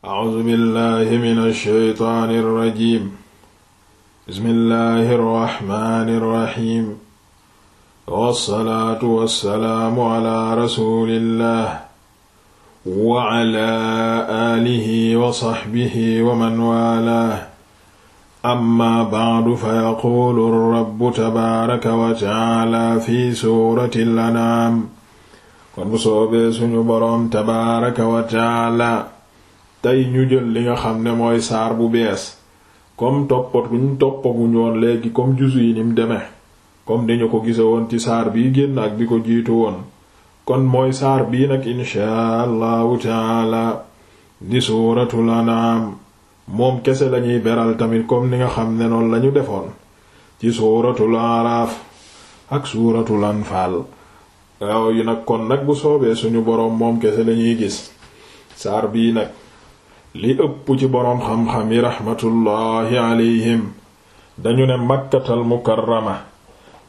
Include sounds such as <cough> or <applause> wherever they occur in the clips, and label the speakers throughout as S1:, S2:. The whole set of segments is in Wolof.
S1: A'uuzu billaahi mina shaytaani rajiim. Bismillaahi rahmaani rahiim. Wassalaatu wassalaamu alaa rasuulillaah. Wa alaa aalihi wa sahbihi wa man waalaah. Ammaa ba'du fayaquulu rabbu tabaaraka wa ta'aalaa fi suuratil an'aam. Kon bu soobee suñu boroom tabaaraka wa ta'aalaa. tey ñu jël li nga xam ne mooy saar bu bees comme toppatuñ toppaguñ woon léegi comme juzu yi nim demee comme dañu ko gise woon ci saar bi génn ak bi ko jiitu woon kon mooy saar bii nag inshaa allahu taala di suuratul anaam moom kese lañuy beral tamit comme ni nga xam ne noonu lañu defoon ci suuratul araaf ak suuratul anfaal waaw yi nag kon nag bu soobee suñu boroom moom kese lañuy gis saar bii nag li ëpp ci boroom xam-xam yi raxmatullaahi alayhim dañu ne makkatal mukarrama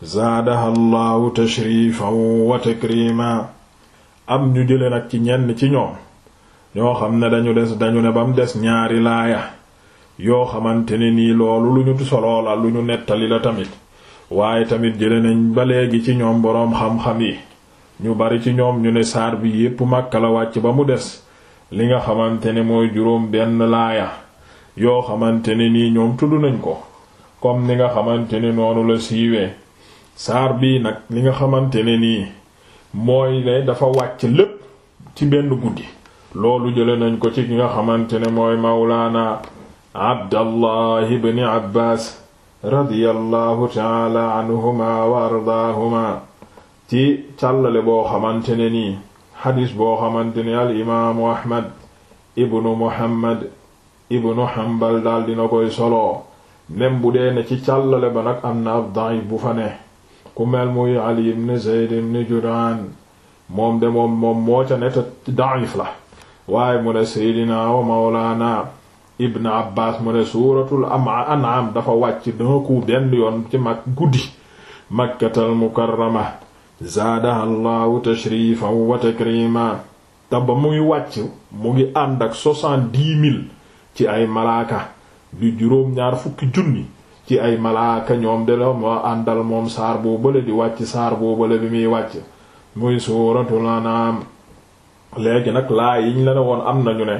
S1: zaadaha llaahu tashrifan wa takrima am ñu jële nag ci ñenn ci ñoom ñoo xam ne dañu des dañu ne ba mu des ñaari laaya yoo xamante ne nii loolu lu ñu soloo la lu ñu nettali la tamit waaye tamit jële nañ ba léegi ci ñoom boroom xam-xam yi ñu bari ci ñoom ñu ne saar bi yépp Makka la wàcc ba mu des li nga xamante ne mooy juróom benn laaya yoo xamante ne nii ñoom tudd nañ ko comme ni nga xamante ne noonu la siiwee saar bii nag li nga xamante ne nii mooy ne dafa wàcc lépp ci benn guddi loolu jële nañ ko ci ki nga xamante ne mooy mawlaana abdallahi bni abbaas radiyallahu taala anhuma wa ardaahuma ci càllale boo xamante ne nii xadis boo xamante ne al imaamu ahmad ibnu muhammad ibnu hambal daal dina koy solo même bu dee ne ci càllale ba nag am na ab da'if bu fa ku mel muy ali ibn zayd ibn judaan moom de moom moom moo ne te da'if la waaye mu ne seydina mawlaana ibn abbas mu ne suuratul an'am dafa wàcc d'un coup benn ci makkatal mukarrama zaadaha allahu tashrifan wa takrima te ba muy wàcc mu ngi ànd ak soixante-dix mille ci ay malaaka du juróom-ñaar fukki junni ci ay malaaka ñoom de la moo àndal moom saar boobale di wàcc saar boobale bi muy wàcc muy suuratul anaam léegi nag laaya yiñ la ne woon am nañu ne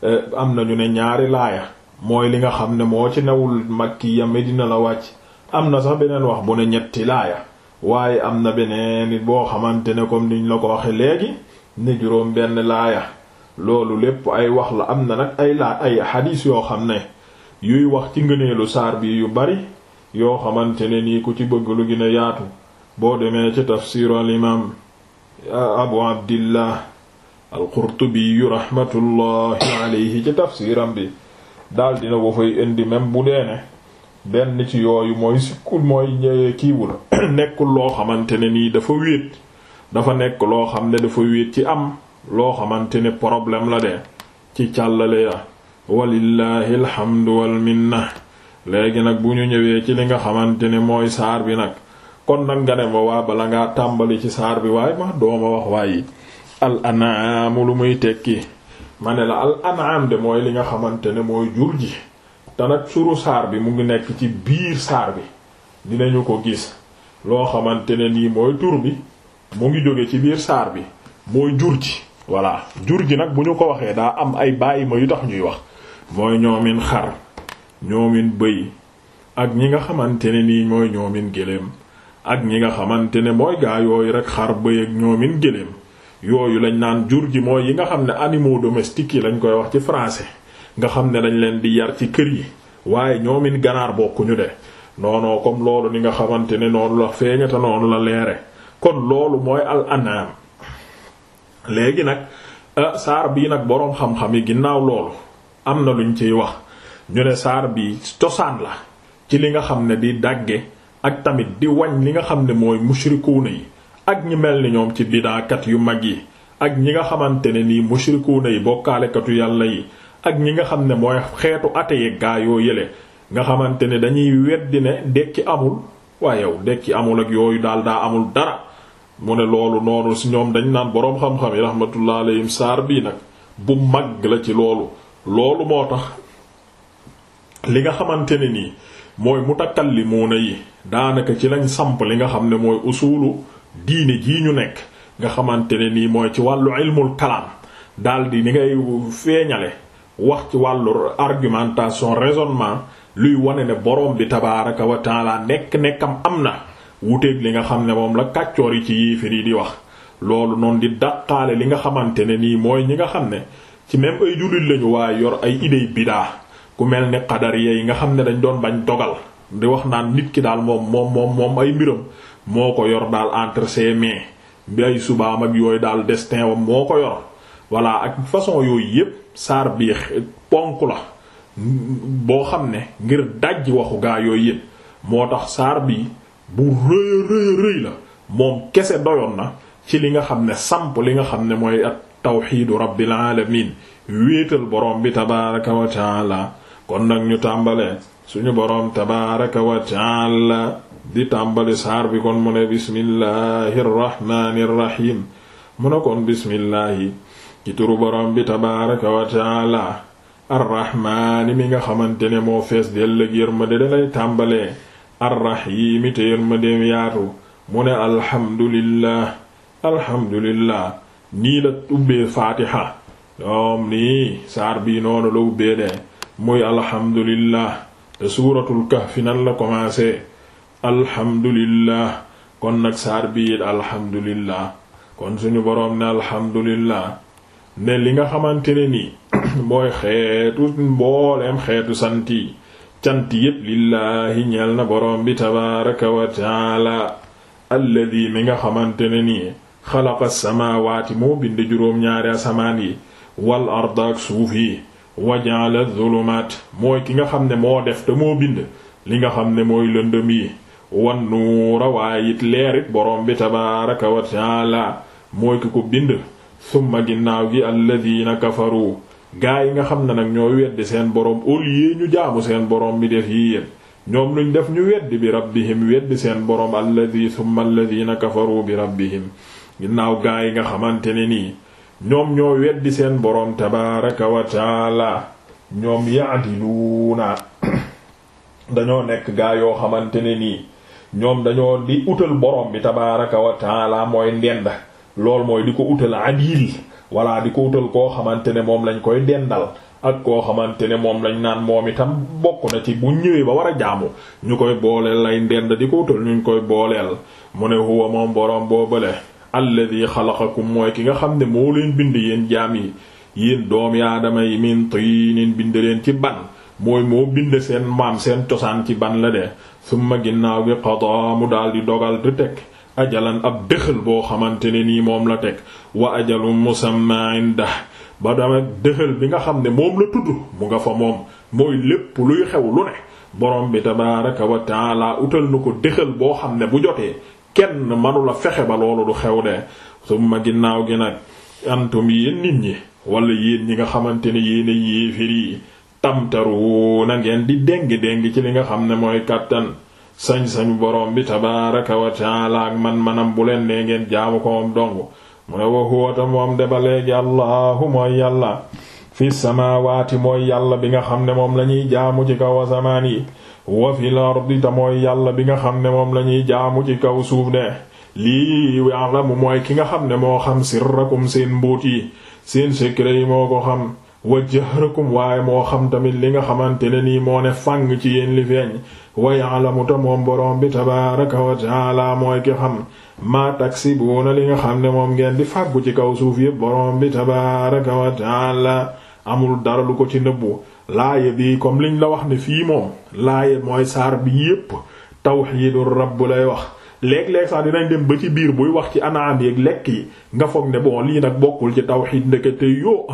S1: eh, am na nañu ne ñaari laaya mooy li nga xam ne moo ci newul makki ya medina la wàcc am na sax beneen wax bu ne ñetti laaya waaye am na beneen boo xamante ne comme niñ la ko waxe léegi ne juróom benn laaya loolu lépp ay wax la am na nag ay laa ay xadiis yoo xam ne yuy wax ci ngëneelu saar bi yu bari yoo xamante ne nii ku ci bëgg lu gën yaatu boo demee ci tafsiru al imaam abu abdillah al qurtubi rahmatullahi alayhi ci tafsiram bi daal dina ko fay indi même bu deene benn ci yooyu mooy sikkul mooy la <clears throat> nekkul loo xamante ne nii dafa wéet dafa nekk loo xam ne dafa wéet ci am loo xamante ne problème la de ci càllale ya walillahi alhamdu wal minna léegi nag bu ñu ñëwee ci li nga xamante ne mooy saar bi nag kon nag nga ne ma waa bala ngaa tàmbali ci saar bi waaye ma dooma wax waaye al lu muy tekki ma ne la al anaam de mooy li nga xamante ne mooy jur ji te nag suru saar bi mu ngi nekk ci biir saar bi dinañu ko gis loo xamante ne nii mooy tur bi mu ngi jóge ci biir saar bi mooy jur ji voilà jur ji nag bu ñu ko waxee daa am ay bàyyi ma yu tax ñuy wax mooy ñoomin xar ñoomin bëy ak ñi nga xamante ne nii mooy ñoomin géléem ak ñi nga xamante ne mooy gaa yooyu rek xar bëy ak ñoomin géléem yooyu lañu naan jur ji mooy yi nga xam ne animaux domestiques yi lañ koy wax ci français nga xam ne dañ leen di yar ci kër yi waaye ñoomin ganaar bokkuñu de noonoo comme loolu ni nga xamante ne noonu la feeñata noonu la leere kon loolu mooy al léegi nag ah, saar bii nag boroom xam-xam yi ginnaaw loolu am na luñ ciy wax ñu ne saar bi cosaan la ci li nga xam ne di dàgge ak tamit di wañ li nga xam ne mooy mushrikuuna yi ak ñi mel ni ñoom ci bidaakat yu mag yi ak ñi nga xamante ne nii mushrikuuna yi bokkaalekatu yàlla yi ak ñi nga xam ne mooy xeetu ateye gaa yoo yële nga xamante ne dañuy weddi ne dekki amul waaye yow dekki amul ak yooyu daal daa amul dara mu ne loolu noonu ci ñoom dañ naan boroom xam-xam yi rahmatullah alayhim saar bii nag bu mag la ci loolu loolu moo tax li nga xamante ne nii mooy mutakallimuuna yi daanaka ci lañ samp li nga xam ne mooy usulu diine jii ñu nekk nga xamante ne nii mooy ci wàllu ilmul kalaam daldi ni ngay feeñale wax ci wàllu argumentation raisonnement luy wane ne borom bi tabaaraka wa taala nekk nekkam am na wuuteeg li nga xam ne moom la kàccoor yi ci yéefir yi di wax loolu noonu di dàqaale li nga xamante ne nii mooy ñi nga xam ne ci même ay jullit lañu waaye yor ay idées bidaa ku mel ne qadariya yi nga xam ne dañ doon bañ dogal di wax naan nit ki daal moom moom moom ay mbiram moo ko yor daal entre ses mains bi ay subaam ak yooyu daal destin wa moo ko yor voilà ak façon yooyu yépp saar bi ponk la boo xam ne ngir dajj waxu gaa yooyu yépp moo tax saar bi bu rëy rëy rëy la moom kese doyoon na ci li nga xam ne samp li nga xam ne mooy at tawxiidu rabbil alamin wéetal boroom bi tabaraka wa taala kon nag ñu tàmbalee suñu boroom tabaraka wa taala di tàmbali saar bi kon mu ne bismillahi rrahmani mu ne kon bismillahi ci turu borom bi tabaaraka wa taala arrahmaani mi nga xamante ne moo fees dell ak yërmande dalay tàmbalee arrahiimi te yërmandeem yaatu mu ne alhamdulillah alhamdulillah nii la ubbee faatiha doom nii saar bii noonu la ubbee de muy alhamdulillah te suuratul kahfi nan la commencé alhamdulillah kon nag saar bii it alhamdulillah kon suñu boroom ne alhamdulillah ne li nga xamante ne nii <clears throat> mooy xeetu mbooleem xeetu sant yi cant yépp lillaahi ñeel na boroom bi tabaaraka wa taala alladi nga xamante ne nii xalaqa samaawaati moo bind juróom-ñaari asamaan yi wal arda ak suuf yi wa ja'ala zulumaat mooy ki nga xam ne moo def te moo bind li nga xam ne mooy lëndëm yi wan nuura waayit leerit boroom bi tabaaraka wa taala mooy ki ko bind summa ginnaaw gi alladina kafaru gaa yi nga xam ne nag ñoo weddi seen boroom au lieu ñu jaamu seen boroom mi def yii yéen ñoom luñ def ñu weddi bi rabbihim weddi seen boroom alladi summa alladina kafaru bi rabbihim ginnaaw gaa yi nga xamante ne nii ñoom ñoo weddi seen boroom tabaaraka wa taala ñoom yaadiluuna dañoo nekk gaa yoo xamante ne nii ñoom dañoo di utal boroom bi tabaaraka wa taala mooy ndend loolu mooy di ko utal adil walla di ko utal koo xamante ne moom lañ koy dendal ak koo xamante ne moom lañ naan moom itam bokk na ci bu ñëwee ba war a jaamu ñu koy booleel lay ndend di ko utal ñu koy booleel mu ne huwa moom boroom boobale alladi xalaqakum mooy ki nga xam ne moo leen bind yéen jaam yi yéen doomi aadama yi min tinin bind leen ci ban mooy moo bind seen maam seen cosaan ci ban la de summa ginnaaw gi qadaa mu daal di dogal di teg ajalan ab dëxal boo xamante ne nii moom la teg wa ajalum musamma inda ba dama dëxal bi nga xam ne moom la tudd mu nga fa moom mooy lépp luy xew lu ne borom bi tabaaraka wa utal na ko dëxal boo xam ne bu jotee kenn mënu la fexe ba loolu du xew de summa ginnaaw gi nag antum yéen nit ñi wala yéen ñi nga xamante ne yéen a yéefir yi tamtaru na di déng déng ci li nga xam ne mooy kàttan sañ-sañu borom bi tabaaraka wa ak man-manam bu leen nee ngeen jaamu ko moom dong mu ne wa huwa ta moom de ba léegi allahu mooy yàlla fi samaawaati mooy yàlla bi nga xam ne moom lañuy ñuy jaamu ci kaw asamaan yi wa fil ardi ta mooy yàlla bi nga xam ne moom la ñuy jaamu ci kaw suuf de lii mooy ki nga xam ne moo xam sirrakum seen mbuut yi seen secret yi moo ko xam wa jahrakum waaye moo xam tamit li nga xamante ne nii moo ne fàng ci yéen li feeñ wa ya'lamu moom boroom bi tabaaraka wa ta'aala mooy ki xam maa taksibuuna li nga xam ne moom ngeen di fàggu ci kaw suuf yépp boroom bi tabaaraka wa ta'aala amul dara lu ko ci nëbbu laaya bi comme liñ la wax ne fii moom laaya mooy saar bi yépp tawxiidu rabb lay wax léeg-léeg sax dinañ dem ba ci biir buy wax ci anaam yeeg lekk yi nga foog ne bon lii nag bokkul ci tawxiid ndeke te yoo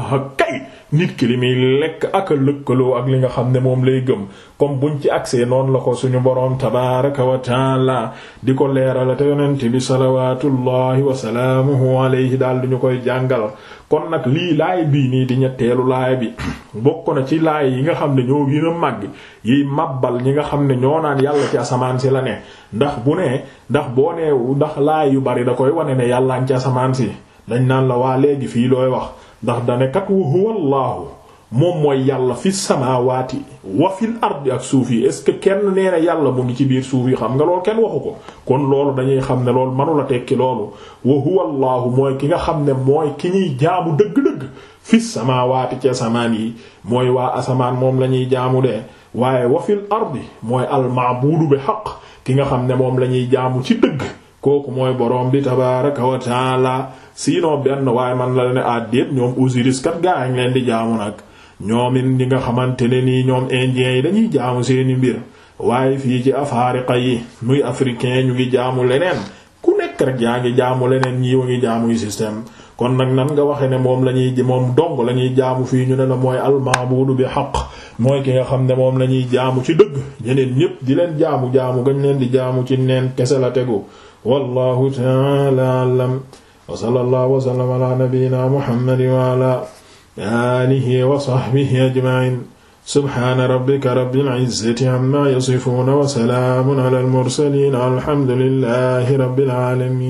S1: nit ki li muy lekk ak lëkkaloo ak li nga xam ne moom lay gëm comme buñ ci agsee noonu la ko suñu boroom tabaraka wa taala di ko leerala te yonent bi salawatullahi wasalaamuhu alayhi daal di ñu koy jàngal kon nag lii laay bii nii di ñetteelu laay bi <coughs> bokk na ci laay yi nga xam ne ñoo gën a màgg yiy màbbal ñi nga xam ne ñoo naan yàlla ci asamaan si la ne ndax bu nee ndax boo neewu ndax laay yu bari da koy wane ne yàllaan ci asamaan si dañ naan la waa léegi fii looy wax ndax danekat wa huwa allaahu moom mooy yàlla fi samaawaati wa fil ardi ak suuf yi est-ce que kenn nee yàlla mu ngi ci biir suuf yi xam nga loolu kenn waxu ko kon loolu dañuy xam ne loolu mënula tekki loolu wa huwa allaahu mooy ki nga xam ne mooy ki ñuy jaamu dëgg-dëgg fi samaawaati ci asamaan yi mooy waa asamaan moom la ñuy jaamu de waaye wa fil ardi mooy almaabuudu bi xaq ki nga xam ne moom la ñuy jaamu ci dëgg kooku mooy boroom bi tabaaraka wa taala sinon benn waaye man la ne ah ñoom Osiris kat gaa ngi leen di jaamu nag ñoom ñi nga xamante ne nii ñoom indiens yi dañuy jaamu seeni mbir waaye fii ci afaariqa yi muy africain ñu ngi jaamu leneen ku nekk rek yaa ngi jaamu leneen ñii wa ngi jaamuy système kon nag nan nga waxe ne moom la ñuy moom dong la ñuy jaamu fii ñu ne la mooy almaabudu bi xaq mooy ki nga xam ne moom la ñuy jaamu ci dëgg ñeneen ñépp di leen jaamu jaamu gañ leen di jaamu ci neen kese la tegu wa sallallahu wa sallam ala nabiyyina muhammad wa ala alihi wa sahbihi ajma'in subhana rabbika rabbil izzati amma yasifun wa salamun ala al mursalin alhamdulillahi rabbil alamin